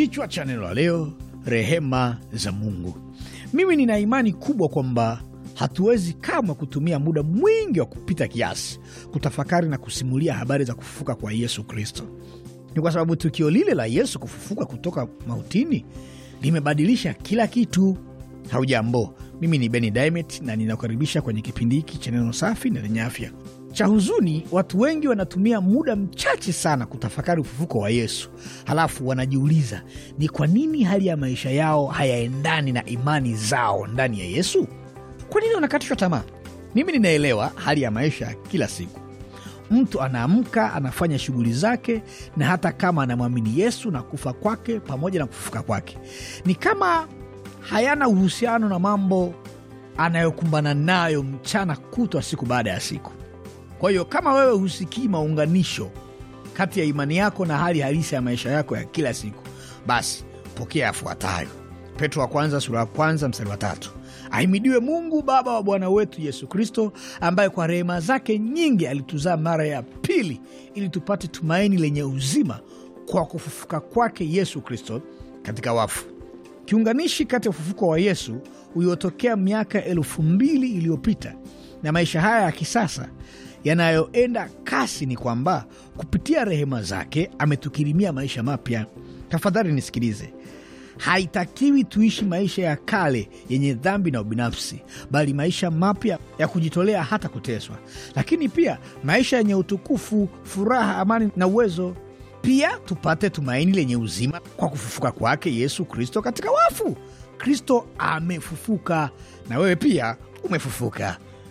Kichwa cha neno la leo, rehema za Mungu. Mimi nina imani kubwa kwamba hatuwezi kamwe kutumia muda mwingi wa kupita kiasi kutafakari na kusimulia habari za kufufuka kwa Yesu Kristo. Ni kwa sababu tukio lile la Yesu kufufuka kutoka mautini limebadilisha kila kitu. Haujambo, mimi ni Beni Dimet na ninakukaribisha kwenye kipindi hiki cha neno safi na lenye afya cha huzuni, watu wengi wanatumia muda mchache sana kutafakari ufufuko wa Yesu, halafu wanajiuliza ni kwa nini hali ya maisha yao hayaendani na imani zao ndani ya Yesu. Kwa nini wanakatishwa tamaa? Mimi ninaelewa hali ya maisha ya kila siku. Mtu anaamka anafanya shughuli zake, na hata kama anamwamini Yesu na kufa kwake pamoja na kufufuka kwake, ni kama hayana uhusiano na mambo anayokumbana nayo mchana kutwa, siku baada ya siku. Kwa hiyo kama wewe husikii maunganisho kati ya imani yako na hali halisi ya maisha yako ya kila siku, basi pokea yafuatayo. Petro wa kwanza sura ya kwanza mstari wa tatu. Ahimidiwe Mungu Baba wa Bwana wetu Yesu Kristo, ambaye kwa rehema zake nyingi alituzaa mara ya pili ili tupate tumaini lenye uzima kwa kufufuka kwake Yesu Kristo katika wafu. Kiunganishi kati ya ufufuko wa Yesu uliotokea miaka elfu mbili iliyopita na maisha haya ya kisasa yanayoenda kasi ni kwamba kupitia rehema zake ametukirimia maisha mapya. Tafadhali nisikilize. Haitakiwi tuishi maisha ya kale yenye dhambi na ubinafsi, bali maisha mapya ya kujitolea, hata kuteswa, lakini pia maisha yenye utukufu, furaha, amani na uwezo. Pia tupate tumaini lenye uzima kwa kufufuka kwake Yesu Kristo katika wafu. Kristo amefufuka, na wewe pia umefufuka.